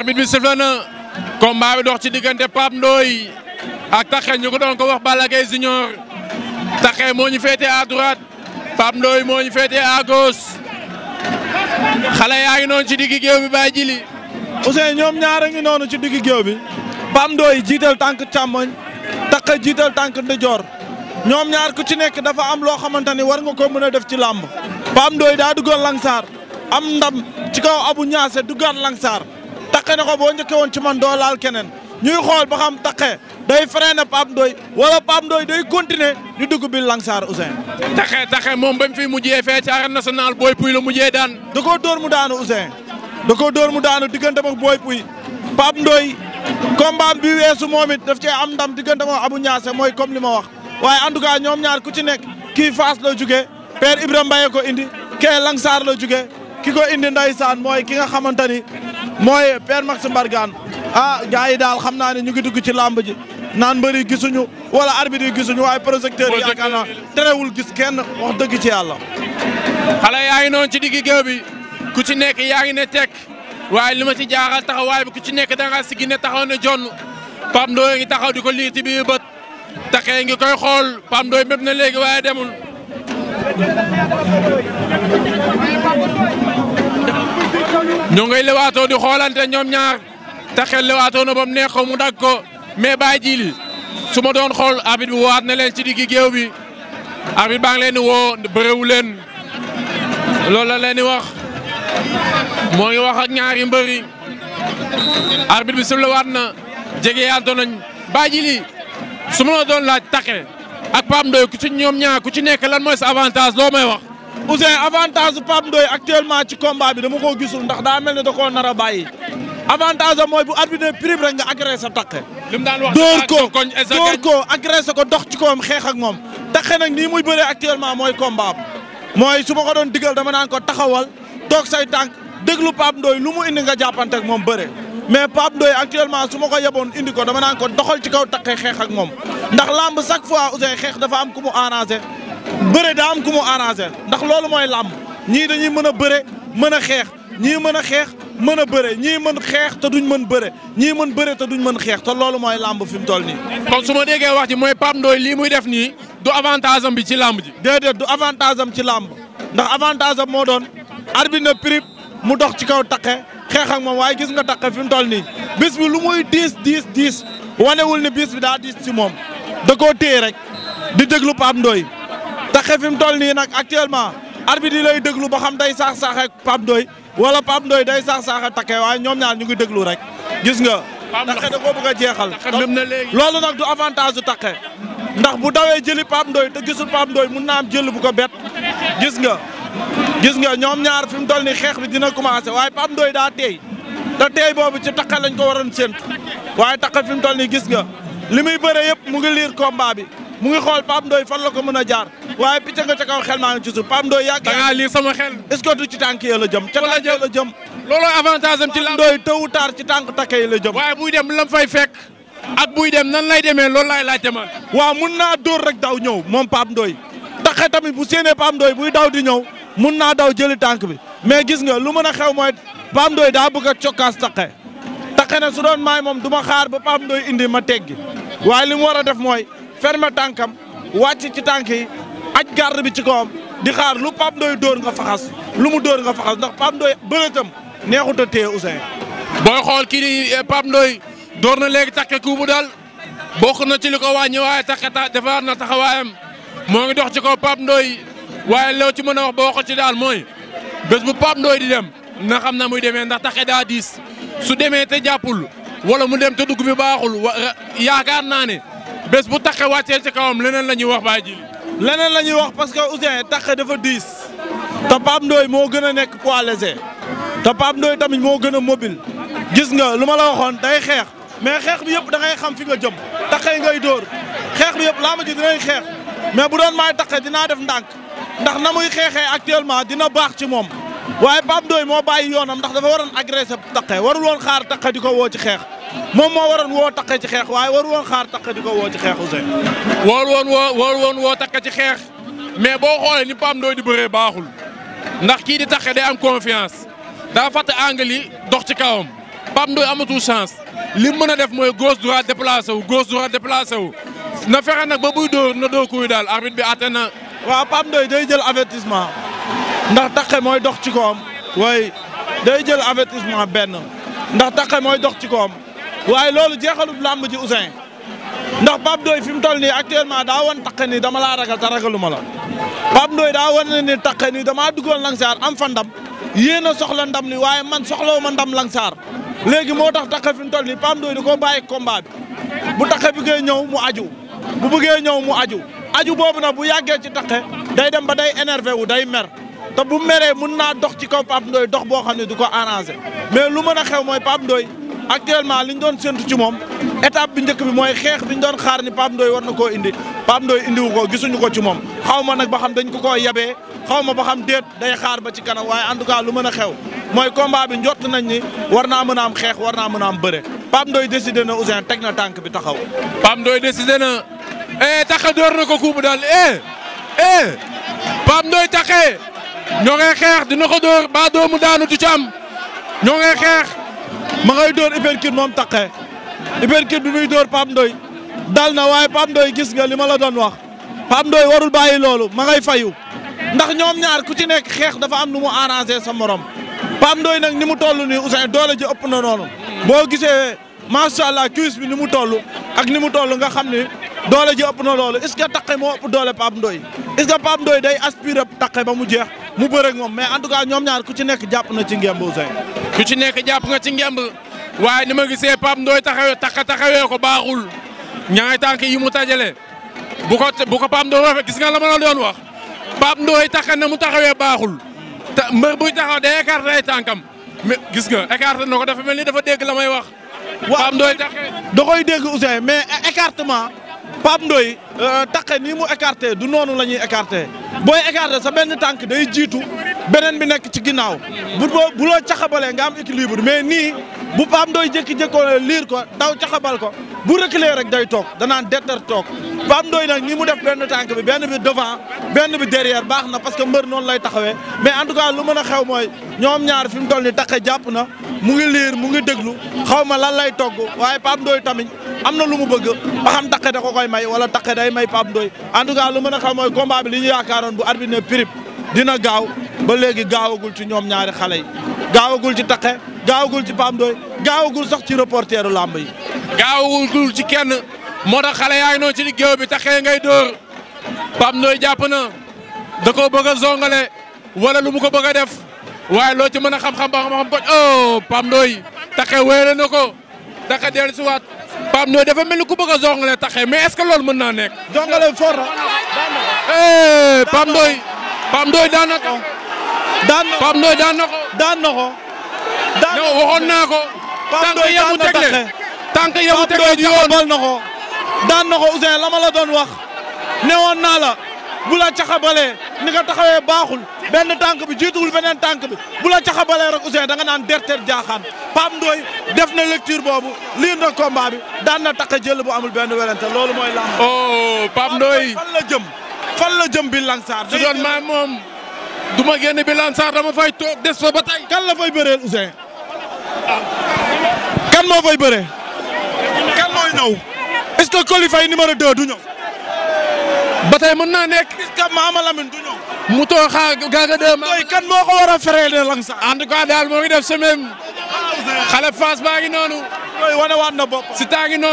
arbitre bi sifflé na combat bi dox ci diggante Pape Ndoye ak ko doon ko wax Balla Gaye moo ñu féetee à droite moo ñu féetee à gauche xale yaa ngi noonu ci digg géew bi bàyyi jili Ousseyn ñoom ñaar a ngi noonu ci digg géew bi Pape Ndoye jiital tànk càmmoñ Takhé jiital tànk ndejoor ñoom ñaar ku ci nekk dafa am loo xamante ni war nga ko mën a def ci làmb Pape Ndoye daa duggoon Langsar am ndam ci kaw Abu Ñaase duggaat Langsar taqe na ko boo njëkkee woon ci man doo laal keneen ñuy xool ba xam taqe day freiné Pape Ndoye wala Pape Ndoye day continuer di dugg bi Langsar Ousseyn. taqe taqe moom ba mu fi mujjee fee ci arène nationale Boy Pouy la mujjee daan. da koo dóor mu daanu Ousseyn da koo door mu daanu digganteem ak Boy Pouy Pape Ndoye baam bi weesu moom it daf cee am ndam digganteem ak Abou Niasse mooy comme li ma wax waaye en tout cas ñoom ñaar ku ci nekk kii Fass la jugee Père Ibrahima Mbaye ko indi kee Langsar la jugee ki ko indi ndeysaan mooy ki nga xamante ni mooy Père Max Mbargane ah gars yi daal xam naa ne ñu ngi dugg ci làmb ji naan mbëri gisuñu wala arbitre yi gisuñu waaye projecteur yi yaakaar naa terewul gis kenn wax dëgg ci yàlla. xale yaa ngi noonu ci digg géew bi ku ci nekk yaa ngi ne tekk waaye li ma ci jaaxal taxawaay bi ku ci nekk da ngaa sigi taxaw ne jonn Pape Ndoye ngi taxaw di ko lii ci biir bët taxee ngi koy xool Pape Ndoye mépp na léegi waaye demul. ñu ngay lewaatoo di xoolante ñoom ñaar te xel lewaatoo na ba mu neex ko mu dagg ko mais bàyyi jiili su ma doon xool arbitre bi waat na leen ci diggi géew bi arbitre baa ngi leen woo bërewu leen loolu la leen di wax moo ngi wax ak ñaari mbëri arbitre bi sëb la waat na jege yaantoo nañ bàyyi jiili su ma doon laaj taxe ak Pape Ndoye ku ci ñoom ñaar ku ci nekk lan mooy sa avantage loo may wax. Ousseyn avantage su Pape Ndoye ci combat bi dama koo gisul ndax daa mel ne da nara nar a bàyyi avantage am mooy bu arbitre prime rek nga agressé sa takk. li mu daan wax dóor ko dóor ko ko dox ci kawam xeex ak moom. taxe nag nii muy bëree actuellement mooy combat mooy su ma ko doon digal dama naan ko taxawal toog say tànk déglu Pape Ndoye lu mu indi nga jàppante moom bëre. mais Pape Ndoye actuellement su ma ko yeboon indi ko dama naan ko doxal ci kaw taqe xeex ak moom ndax lamb chaque fois Ousseyn xeex dafa am ku mu arrangé. bëre daa am ku mu arrangé ndax loolu mooy làmb ñii dañuy mën a bëre mën a xeex ñii mën a xeex mën a bëre ñii mën xeex te duñ mën bëre ñii mën bëre te duñ mën xeex te loolu mooy làmb fi mu toll nii. kon su ma déggee wax ji mooy Pape Ndoye lii muy def nii du avantage bi ci làmb ji. déedéet du avantage am ci làmb ndax avantage am moo doon arbitre na prip mu dox ci kaw taqe xeex ak moom waaye gis nga taqe fi mu toll nii bis bi lu muy diis diis wanewul ni bis bi daa diis ci moom da koo téye rek di déglu Pape Ndoye taxe fi mu toll nii nag actuellement bi yi lay déglu ba xam day saax saaxe Pape Ndoye wala Pape Ndoye day saax saaxe taxe waaye ñoom ñaar ñu ngi déglu rek gis nga. taxe da koo bëgg a jeexal. loolu nag du avantage du taxe ndax bu dawee jëli Pape Ndoye te gisul Pape Ndoye mun naa am jël bu ko bett gis nga. gis nga ñoom ñaar fi mu toll nii xeex bi dina commencé waaye Pape Ndoye daa teey te teey boobu ci taxe lañ ko waroon séntu waaye taxe fi mu toll nii gis nga li muy bëre yëpp mu ngi liir bi mu ngi xool Pape Ndoye fan la ko mën a jaar waaye picc nga ca kaw xel maa ngi ci suuf Pape Ndoye lii sama xel est-ce que du ci tànk yi la jëm ca tànk yi la jëm looloo avantage am ci lamb Ndoye tôt ou ci tànk takk yi la jëm waaye buy dem lam fay fekk ak buy dem nan lay demee lool laay laajte man waaw mun naa dóor rek daw ñëw moom Pape Ndoye taxe tamit bu séenee Pape Ndoye buy daw di ñëw mun naa daw jëli tànk bi mais gis nga lu mën a xew mooy Pape Ndoye daa bëgg a cokkaas taqe taqe ne su doon maay moom du ma xaar ba Pape Ndoye indi ma teggi waaye li mu war a def mooy fermer tànkam wàcc ci tànk yi aj garde bi ci kawam di xaar lu Pape Ndoye door nga faxas lu mu door nga faxas ndax Pape Ndoye bëreetam neexut a téye Ousseyn. booy xool kii di eh, Pape Ndoye dóor na léegi takke ku bu daal boo bokk na ci li ko wàññi waaye takke ta defar na taxawaayam moo ngi dox ci kaw Pape Ndoye waaye loo ci man a wax ba waxo ci daal mooy bés bu Pape ndooy di dem na xam na muy demee ndax takke daa diis su demee te jàppul wala mu dem te dugg bi baaxul eh, yaakaar naa ne. bés bu taqe wàccee ci kawam leneen la ñuy wax baa ji. leneen la ñuy wax parce que Ouzin taqe dafa diis te Pape Ndoye moo gën a nekk poids léger te Pape Ndoye tamit moo gën a mobile gis nga lu ma la waxoon day xeex mais xeex bi yëpp da xam fi nga jëm taqe ngay dóor xeex bi yëpp laa ma ji dinañ xeex mais bu doon maay taqe dinaa def ndànk ndax na muy xeexee actuellement dina baax ci moom waaye Pape Ndoye moo bàyyi yoonam ndax dafa waroon agressé taqe warul woon xaar taqe ko woo ci xeex. moom moo waroon woo Takké ci xeex waaye waru woon xaar Takké di ko woo ci xeex Ousseyn. waru woon woo waru woon woo Takké ci xeex mais boo xoolee ni Pape Ndoye di bëree baaxul ndax kii di Takké day am confiance daa fàtte angle yi dox ci kawam Pape Ndoye amatul chance li mën a def mooy gos droite déplacé wu gos droite déplacé wu na fexe nag ba buy dóor na dóor kuy daal arbitre bi àtte na. waaw Pape Ndoye day jël avertissement ndax Takké mooy dox ci kawam. waaye day jël avertissement benn ndax Takké mooy dox ci kawam. waaye loolu jeexalu làmb ji Ousseyn ndax Pape Ndoye fi mu toll nii actuellement daa woon taq nii dama laa ragal te ragaluma la Pape Ndoye daa woon ni taq ni damaa duggoon Langsar am fandam ndam yéen a soxla ndam li waaye man soxlawu ma ndam Langsar léegi moo tax taq fi mu toll nii Pape Ndoye koo bàyyi combat bi bu taq bi ngay ñëw mu aju bu bëggee ñëw mu aju aju boobu na bu yàggee ci taq day dem ba day énervé wu day mer te bu meree mun naa dox ci kaw Pape Ndoye dox boo xam ne du ko arrangé mais lu mën a xew mooy Pape Ndoye actuellement li ñu doon séntu ci moom étape bi njëkk bi mooy xeex bi ñu doon xaar ni Pape Ndoye war na koo indi Pape Ndoye indiwu ko gisuñu ko ci moom xaw ma nag ba xam dañ ko ko yabee xaw ma ba xam déet day xaar ba ci kanam waaye en tout cas lu mën a xew mooy combat bi njott nañ ni war naa mën a am xeex war naa mën a am bëre Pape Ndoye décidé na Ouzin teg na tànk bi taxaw. Pape Ndoye décidé na eh taxa door na ko kuumu daal eh eh Pape Ndoye taxee ñoo ngay xeex dina ko door ba doomu daanu du ci ma ngay dóor uppercut moom taqee uppercut bi muy dóor Pape Ndoye dal na waaye Pape Ndoye gis nga li ma la doon wax Pape Ndoye warul bàyyi loolu ma ngay fayu ndax ñoom ñaar ku ci nekk xeex dafa am nu mu arrangé sa morom Pape Ndoye nag ni mu toll ni Ousseyn doole ji ëpp na noonu boo gisee macha allah cuisse bi ni mu toll ak ni mu toll nga xam ni doole ji ëpp na loolu est ce que taqe moo ëpp doole Pape Ndoye est ce que Pape Ndoye day aspiré taqe ba mu jeex mu bëreeg moom mais en tout cas ñoom ñaar ku ci nekk jàpp na ci ngemb Ousseyn. ku ci nekk jàpp nga ci ngemb waaye ni ma gisee Pape Ndoye taxawee taxa taxawee ko baaxul ñaari tànk yi mu tajale bu ko bu ko Pape Ndoye waxee gis nga la ma la doon wax Pape Ndoye taxa ne mu taxawee baaxul te mbër buy taxaw day écarté ay tànkam mais gis nga écarté na ko dafa mel ni dafa dégg la may wax. Pape Ndoye taxawee da koy dégg Ousseyn mais écartement. Pape Ndoye euh, taqe nii mu écarté du noonu la ñuy écarté booy écarté sa benn tànk day jiitu beneen bi nekk ci ginnaaw bu boo bu loo caxabalee nga am équilibre mais nii bu Pape Ndoye jékki-jékkoo liir ko daw caxabal ko bu reculer rek day toog danaan detter toog Pape Ndoye nag nii mu def benn tànk bi benn bi devant benn bi derrière baax na parce que mbër noonu lay taxawee mais en tout cas lu mën a xew mooy ñoom ñaar fi mu toll ni taqe jàpp na mu ngi liir mu ngi déglu xaw ma lan lay togg waaye Pape Ndoye tamit am na lu mu bëgg ba xam taqe ko koy may wala taqe day may Pape Ndoye en tout cas lu mën a xam mooy combat bi li ñu yaakaaroon bu arbitre ne dina gaaw ba léegi gaawagul ci ñoom ñaari xale yi gaawagul ci taqe gaawagul ci pam Ndoye gaawagul sax ci reporteru làmb yi gaawagul ci kenn moo tax xale yaa ngi noonu ci géew bi taqe ngay dóor Pape Ndoye jàpp na da koo bëgg a zongale wala lu mu ko bëgg a def waaye loo ci mën a xam-xam ba xam-xam oh Pape Ndoye taqe wéere taqe Pape Ndoye dafa mel ni ku bëgg a zongale taxee mais est-ce que loolu mën naa nekk. zongale fort na. Eh, daan na ko Pape Ndoye. Pape Ndoye daan na naa ko. Pape Ndoye daan na taxee tànk yemu tegle. yoon Pape Ndoye taxabal na ko. la doon wax. newoon naa la. bu la caxabalee ni nga taxawee baaxul benn tànk bi jiituwul beneen tànk bi bu la caxabalee rek Ousseyn da nga naan derteer jaaxaan Pape Ndoye def na lecture boobu liir na combat daan na tax a jël bu amul benn werante loolu mooy lamb. oh Pape Ndoye fan la jëm fan la jëm bi Lansar. su doon maa moom du ma génn bi dama fay des fa ba tey. kan la fay bëreel Ousseyn kan moo fay bëree. kan mooy ñëw est-ce que Coly Faye numéro 2 du ñëw. ba tey mën naa nekk. gis nga Maama Lamine du ñëw. mu kan moo ko war a feree de lang sax. en tout cas ngi def semaine. xale Fass baa ngi noonu. wane waat na bopp. si taa ngi noonu.